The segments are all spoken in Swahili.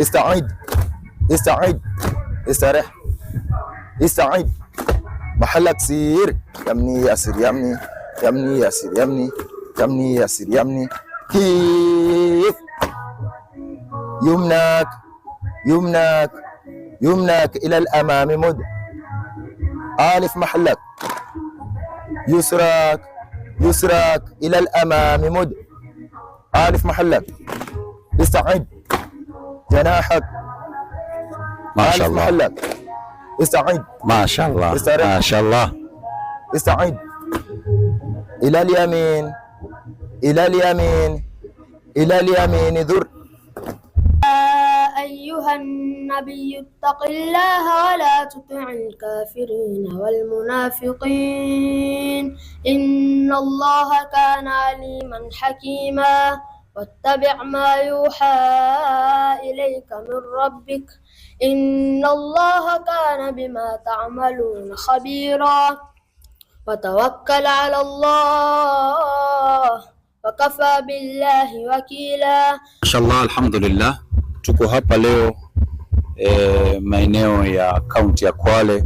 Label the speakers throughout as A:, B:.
A: استعيد استعيد استريح استعيد محلك سير يا ابني يا سير يا ابني يا ابني يا سير يا ابني يا ابني يا سير يا ابني كيف يمناك يمناك يمناك إلى الأمام مد ألف محلك يسراك يسراك إلى الأمام مد ألف محلك استعد جناحك ما شاء الله محلك استعد ما شاء الله استعد. ما شاء الله استعد إلى اليمين إلى اليمين إلى اليمين ذر
B: أيها النبي اتق الله ولا تطع الكافرين والمنافقين إن الله كان عليما حكيما واتبع ما يوحى إليك من ربك إن الله كان بما تعملون خبيرا وتوكل على الله wakafa billahi wakila.
C: Mashallah, alhamdulillah, tuko hapa leo e, maeneo ya kaunti ya Kwale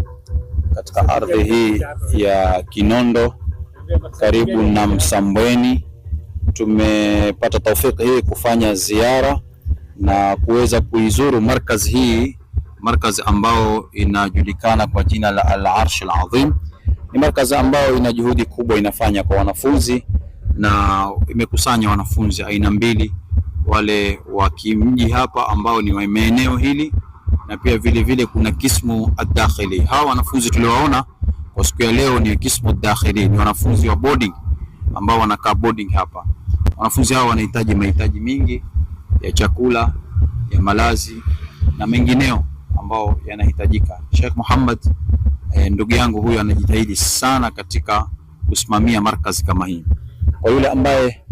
C: katika ardhi hii ya Kinondo karibu na Msambweni tumepata taufiki hii kufanya ziara na kuweza kuizuru markazi hii, markaz ambayo inajulikana kwa jina la Al-Arsh Al-Azim. Ni markaz ambayo ina juhudi kubwa inafanya kwa wanafunzi na imekusanya wanafunzi aina mbili, wale wa kimji hapa ambao ni wa maeneo hili na pia vile vile kuna kismu adakhili. Hawa wanafunzi tuliowaona kwa siku ya leo ni kismu adakhili, ni wanafunzi wa boarding ambao wanakaa boarding hapa. Wanafunzi hao wanahitaji mahitaji mengi ya chakula, ya malazi na mengineo ambao yanahitajika. Sheikh Muhammad eh, ndugu yangu huyu anajitahidi sana katika kusimamia markazi kama hii. Kwa yule ambaye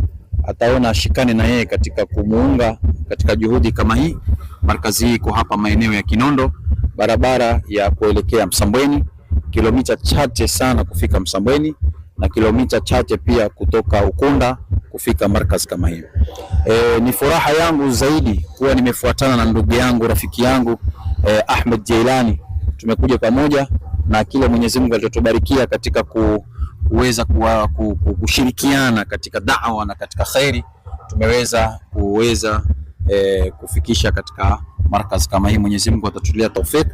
C: ataona shikane na yeye katika kumuunga katika juhudi kama hii, markazi hii iko hapa maeneo ya Kinondo, barabara ya kuelekea Msambweni, kilomita chache sana kufika Msambweni na kilomita chache pia kutoka Ukunda kufika markaz kama hiyo. E, ni furaha yangu zaidi kuwa nimefuatana na ndugu yangu rafiki yangu e, Ahmed Jailani. Tumekuja pamoja na kile Mwenyezi Mungu alichotubarikia katika ku, kuweza kuwa, ku, ku, kushirikiana katika da'wa na katika khairi tumeweza kuweza e, kufikisha katika markaz kama hii. Mwenyezi Mungu atatulia taufik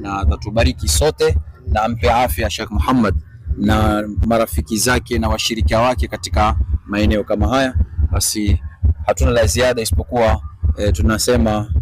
C: na atatubariki sote na ampe afya Sheikh Muhammad na marafiki zake na washirika wake katika maeneo kama haya, basi hatuna la ziada isipokuwa e, tunasema